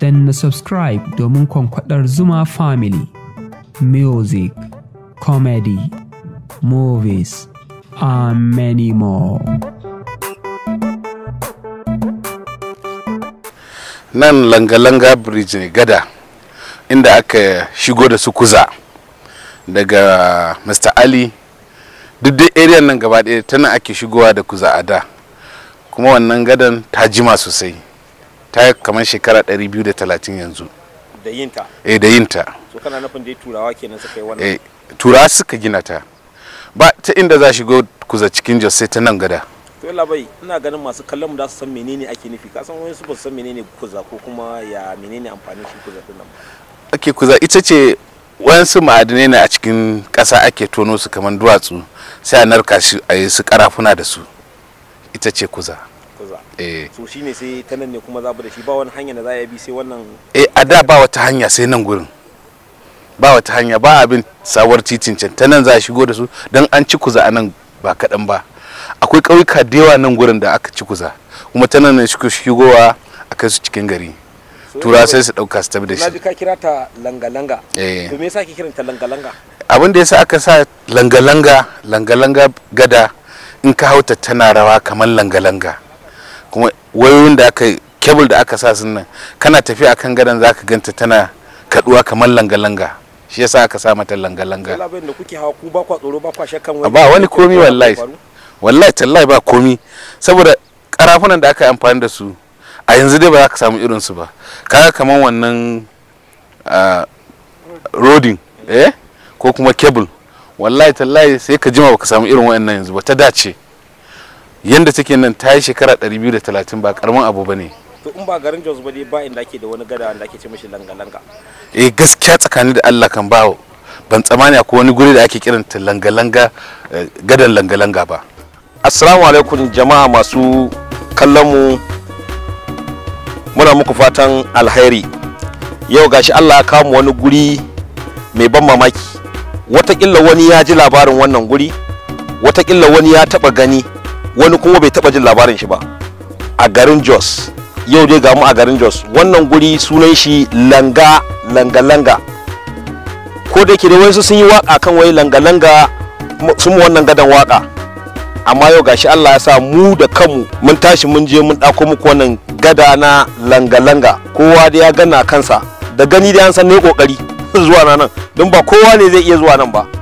dan na subscribe domin kwankwadar Zuma Family. Music, comedy, movies, and many more. Nan langa-langa bridge ne gada inda aka shigo da su kuza daga Mr. Ali duk dai area nan gaba ɗaya tana ake shigowa da kuza a da kuma wannan gadan ta jima sosai. ta kamar shekara 230 yanzu da yinta eh da yinta so kana nufin dai turawa kenan suka yi wannan eh turawa suka gina ta ba ta inda za shigo kuza cikin jos sai ta nan gada to labai ina ganin masu kallon mu za su san menene ake nufi ka san wani su ba su san menene kuza ko kuma ya menene amfanin shi kuza din nan ake kuza ita ce wayansu ma'adinai ne a cikin ƙasa ake tono su kamar duwatsu sai a narka shi a yi su karafuna da su ita ce kuza kuza eh. so shine sai ta nan ne kuma za da shi ba wani hanya da za a bi sai wannan eh a da ba wata hanya sai nan gurin ba wata hanya ba abin sabuwar titin can ta nan za a shigo da su don an ci kuza a nan ba kaɗan ba akwai ƙauyuka da yawa nan gurin da aka ci kuza kuma ta nan ne shigowa a kai su cikin gari tura sai su ɗauka su tafi da shi. Na ji ka kira ta langa-langa. Eh. To me yasa ke kiran ta langa-langa? Abin da yasa aka sa langa-langa, langa-langa gada in ka hauta tana rawa kamar langa-langa. kuma wayoyin da aka kebul da aka sa sun nan kana tafiya akan gadon za ka ganta tana kaduwa kamar langa-langa shi yasa aka sa mata langa-langa ba wani komi wallahi wallahi tallahi ba komi saboda karafunan da aka yi amfani da su a yanzu dai ba za ka samu irin su ba kaga kamar wannan rodin eh ko kuma kebul wallahi tallahi sai ka jima baka samu irin wa'annan yanzu ba ta dace yanda take nan ta yi shekara 230 ba karamin abu ba ne to in ba garin jos ba dai ba inda ake da wani gada da ake ce mishi langa-langa eh gaskiya tsakanin da allah kan ba ban tsamani akwai wani guri da ake kiranta langa-langa eh, gadan langa-langa ba assalamu alaikum jama'a masu kallon mu muna muku fatan alheri yau gashi allah ya kawo wani guri mai ban mamaki watakila wani ya ji labarin wannan guri watakila wani ya taba gani wani kuma bai taba jin labarin shi ba a garin jos yau dai gamu a garin jos wannan guri sunan shi langa langa langa ko da ke da wasu sun yi waka kan wai langa langa sun wannan gadon waka amma yau gashi Allah ya sa mu da kanmu mun tashi mun je mun ɗako muku wannan gada na langa langa kowa da ya gana kansa da gani da an san ne kokari zuwa nan don ba kowa ne zai iya zuwa nan ba